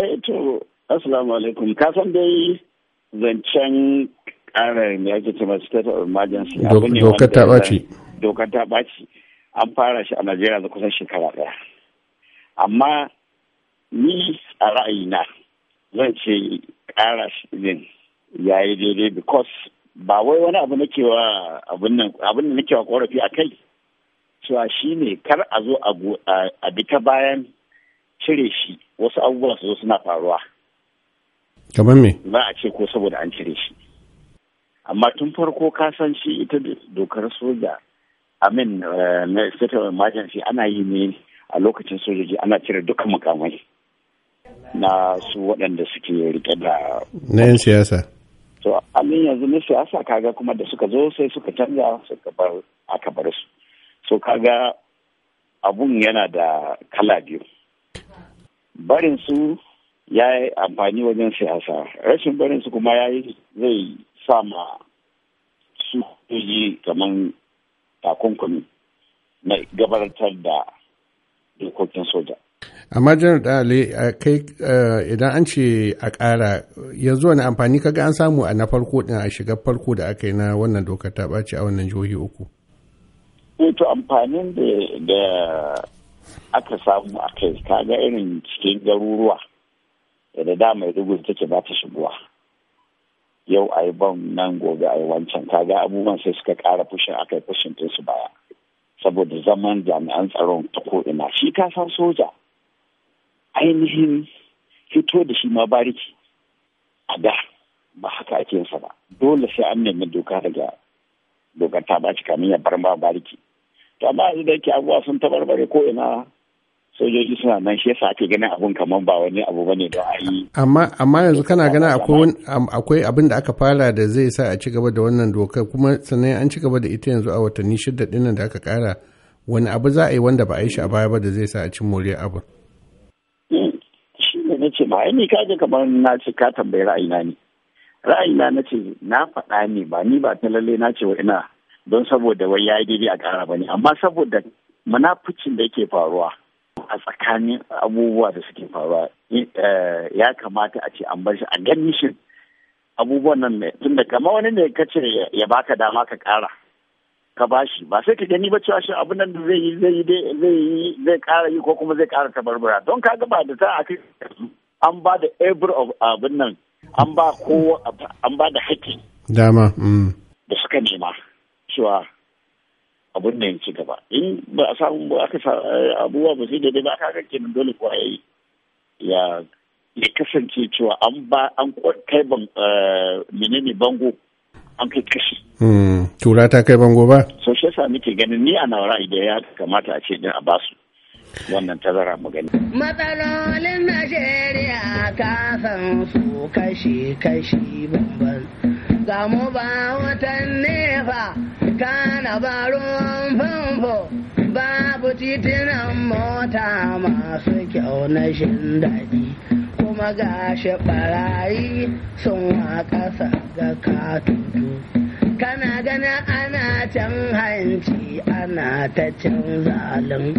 Eh to, Assalamu alaikum. Ka san dai zancen ƙara ya ke cewa state of emergency. Dokar ta ɓaci. Dokar ta ɓaci. An fara shi a Najeriya da kusan shekara ɗaya. Amma ni a ra'ayina zan ce ƙara shi din ya yi daidai because ba wai wani abu nake wa abin da wa korafi a kai. Cewa shi ne kar a zo a bi ta bayan cire shi wasu abubuwa su zo suna faruwa kamar me za a ce ko saboda an cire shi amma tun farko ka san shi ita dokar soja amin eh, na state of emergency ana yi ne a lokacin sojoji ana cire dukkan mukamai na su waɗanda suke rike da na 'yan siyasa to amin yanzu na siyasa kaga kuma da suka zo sai suka canza suka bar aka bar su so kaga abun yana da kala biyu barin su ya yi amfani wajen siyasa rashin barin su kuma ya yi zai sa ma su yi kamar takunkumi na gabatar da dokokin soja amma janar dale kai idan an ce a ƙara yanzu wani amfani kaga an samu a na farko din a shiga farko da aka yi na wannan dokar ta ɓaci a wannan jihohi uku eh, to amfanin da aka samu a kai kaga irin cikin garuruwa da da mai dugun take ba ta shigowa yau a yi ban nan gobe a yi wancan kaga abubuwan sai suka kara fushin aka yi fushin su baya saboda zaman jami'an tsaron ta ko shi ka san soja ainihin fito da shi ma bariki a da ba haka ake sa ba dole sai an nemi doka daga dokar ta ba kamin ya bar ma bariki to amma yanzu da yake sun tabarbare ko ina sojoji suna nan shi yasa ake ganin abun kamar ba wani abu bane da ayi amma amma yanzu kana gana akwai akwai abin da aka fara da zai sa a ci gaba da wannan dokar kuma sannan an ci gaba da ita yanzu a watanni shida din da aka kara wani abu za a yi wanda ba a yi shi a baya ba da zai sa a ci moriyar abin na ce ba ni ka ji kamar na ce ka tambayi ra'ayina ne ra'ayina na ce na faɗa ne ba ni ba ta lalle na ce wa ina don saboda wai ya yi daidai a kara ba ne amma saboda munafucin da yake faruwa a tsakanin abubuwa da suke faruwa eh, ya kamata a ce an bar shi a gani shi abubuwan nan tun da kama wani ne ka kace ya baka dama ka kara ka bashi ba sai ka gani ba cewa shi abin nan da zai yi zai yi yi ƙara yi ko kuma zai ƙara tabarbara don ka ga ba da ta aka an ba da every abin nan an ba kowa an ba da haƙƙi dama mm. cewa abun da ya ci gaba in ba a samu ba aka eh, abubuwa ba sai daidai ba aka ga kenan dole kuwa ya ya ya kasance cewa an ba an kai ban eh, menene bango an kai kashi hmm, tura ta kai bango ba so shi yasa muke ganin ni a nawara idan ya kamata a ce din a basu wannan tazara mu gani matsalolin najeriya kafin su kashi kashi bambam ga mu ba watan nefa kana ba ruwan famfo babu titinan mota masu kyau na shin daɗi kuma shi barayi sun wa ƙasa ga katutu kana gana ana can hanci ana ta can zalin